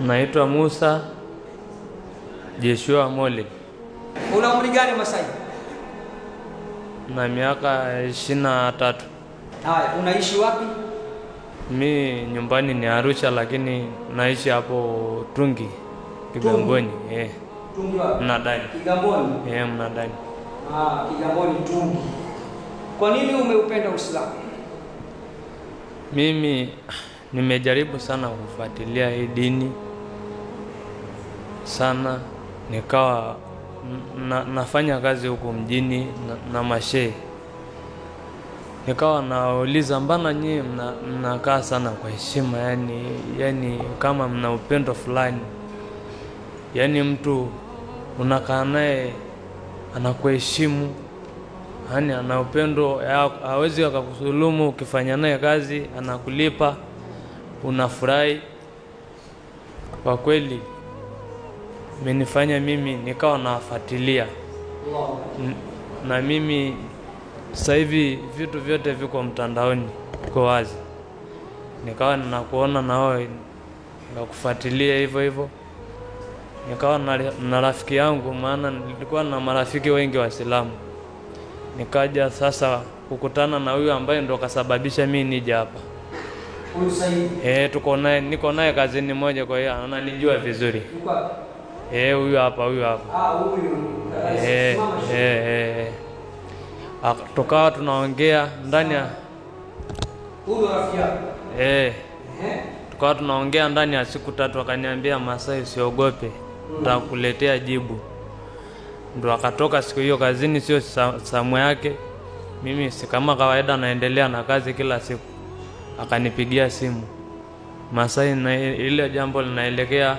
Naitwa Musa Jeshua Mole. Una umri gani Masai? Na miaka ishirini na tatu. Haya, unaishi wapi? Mi nyumbani ni Arusha, lakini naishi hapo Tungi Kigamboni. Eh. Tungi wapi? Mnadani. Kigamboni. Eh, Mnadani. Ah, Kigamboni Tungi. Kwa nini umeupenda Uislamu? Mimi nimejaribu sana kufuatilia hii dini sana, nikawa na, nafanya kazi huku mjini na, na mashehe nikawa nawauliza mbana nyie mnakaa mna sana kwa heshima, yani yani kama mna upendo fulani, yani mtu unakaa naye anakuheshimu, yani ana upendo, hawezi akakusulumu. Ukifanya naye kazi anakulipa, unafurahi kwa kweli imenifanya mimi nikawa nafuatilia na mimi sasa hivi vitu vyote viko mtandaoni, viko wazi, nikawa nakuona na wewe nakufuatilia hivyo hivyo. Nikawa na rafiki yangu, maana nilikuwa na marafiki wengi silamu nikaja sasa kukutana na huyu ambaye ndo kasababisha mi nija hapa. Eh, tuko naye, niko naye kazini moja, kwa hiyo ananijua vizuri. Eh, huyu hapa, huyu hapa. Ah, huyu. Eh eh, eh, eh, eh. Tukawa tunaongea ndani ya huyu rafiki yako. Eh. eh. Tukawa tunaongea ndani ya siku tatu, akaniambia Masai, usiogope, hmm. nitakuletea jibu. Ndo akatoka siku hiyo kazini, sio samu yake. Mimi si kama kawaida, naendelea na kazi kila siku. Akanipigia simu Masai, na ile jambo linaelekea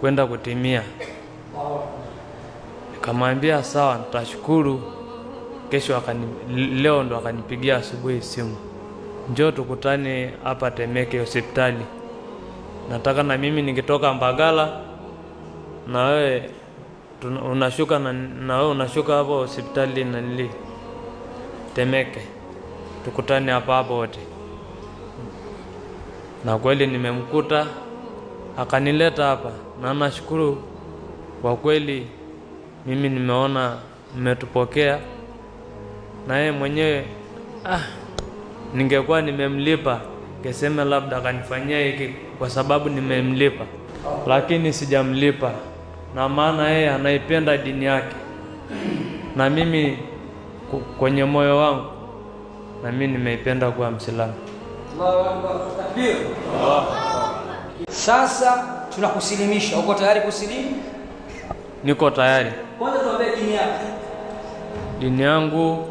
kwenda kutimia. Nikamwambia sawa, nitashukuru kesho. Akani, leo ndo akanipigia asubuhi simu, njoo tukutane hapa Temeke hospitali, nataka na mimi nikitoka Mbagala na wewe unashuka na, na wewe unashuka hapo hospitali nanili Temeke, tukutane hapa hapo wote, na kweli nimemkuta akanileta hapa, na nashukuru kwa kweli. Mimi nimeona mmetupokea na yeye mwenyewe ah, ningekuwa nimemlipa ngesema labda akanifanyia hiki kwa sababu nimemlipa, lakini sijamlipa, na maana yeye anaipenda dini yake na mimi kwenye moyo wangu na mimi nimeipenda kuwa Msilamu. Sasa tunakusilimisha, uko tayari kusilimu? Niko tayari. Kwanza tuambie dini yako. Dini yangu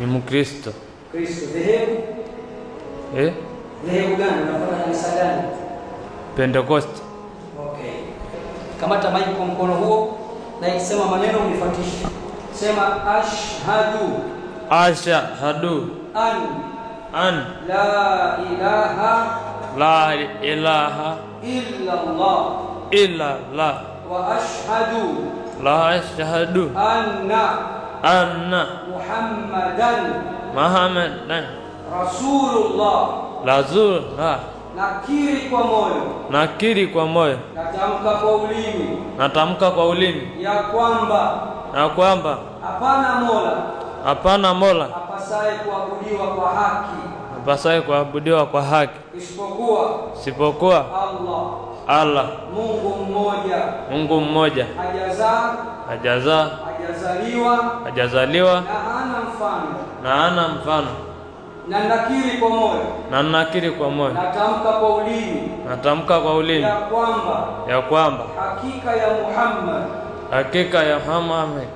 ni Mkristo. Kristo dhehebu? Eh? Dhehebu gani? Unafanya kanisa gani? Pentecost. Okay. Kamata maji kwa mkono huo na isema maneno unifuatishe. Sema ashhadu. Ashhadu. An. An. La ilaha la ilaha illa illallah wa ashhadu la ashhadu anna anna Muhammadan Muhammadan rasulullah Rasulullah. Nakiri kwa moyo, nakiri kwa moyo, natamka kwa ulimi, natamka kwa ulimi ya kwamba, ya kwamba hapana mola, hapana mola apasaye kuabudiwa kwa haki mpasaye kuabudiwa kwa haki isipokuwa sipokuwa Allah, Allah Mungu mmoja, Mungu mmoja hajazaa hajazaa hajazaliwa hajazaliwa na ana mfano na ana mfano na nakiri kwa moyo na nakiri kwa moyo natamka kwa ulimi natamka kwa ulimi ya kwamba ya kwamba hakika ya Muhammad hakika ya Muhammad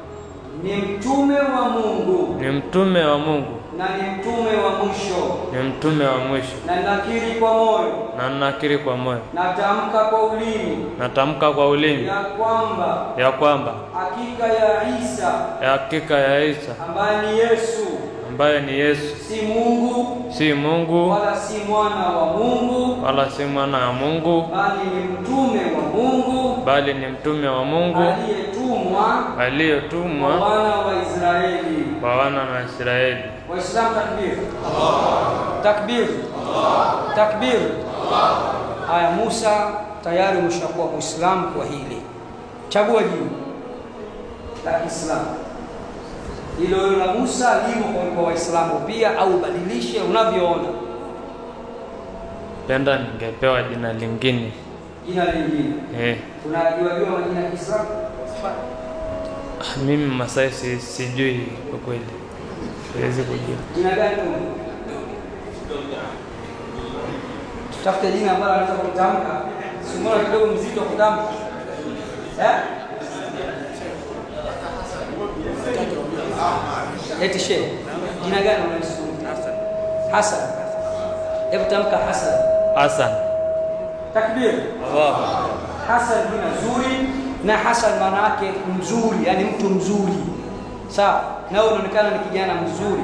ni mtume wa Mungu ni mtume wa Mungu na ni mtume wa mwisho ni mtume wa mwisho, na nakiri kwa moyo, na nakiri kwa moyo, natamka kwa ulimi, natamka kwa ulimi ya kwamba, ya kwamba hakika ya Isa, ya hakika ya Isa ambaye ni Yesu ambaye ni Yesu si Mungu, si Mungu wala si mwana wa Mungu, wala si mwana wa Mungu, bali ni mtume wa Mungu, bali ni mtume wa Mungu aliye aliyotumwa kwa wana wa Israeli. Waislamu, takbir! Takbir! Takbir! Haya, Musa tayari umeshakuwa Muislamu kwa hili, chagua jina la Islam ilo la Musa limo kwa Waislamu pia, au badilishe unavyoona. Penda ningepewa jina lingine, jina lingine. Eh, unajua jua majina ya Kiislamu Ah, mimi Masai si, sijui kwa kweli, siwezi kujua. Jina gani? Tutafute jina ambalo anaweza kutamka. Sumura kidogo mzito kutamka. Eh? Eti shehe. Jina gani unalisoma? Hassan. Hassan. Hebu tamka Hasan. Hasan. Takbir. Allahu. Hasan jina zuri na hasan maana yake mzuri, yani mtu mzuri sawa, na wewe unaonekana ni kijana mzuri.